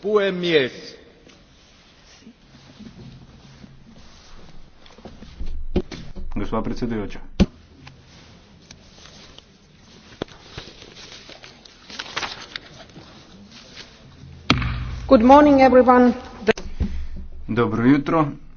pmes. gospa predsedujoča dobro jutro vsem skupaj.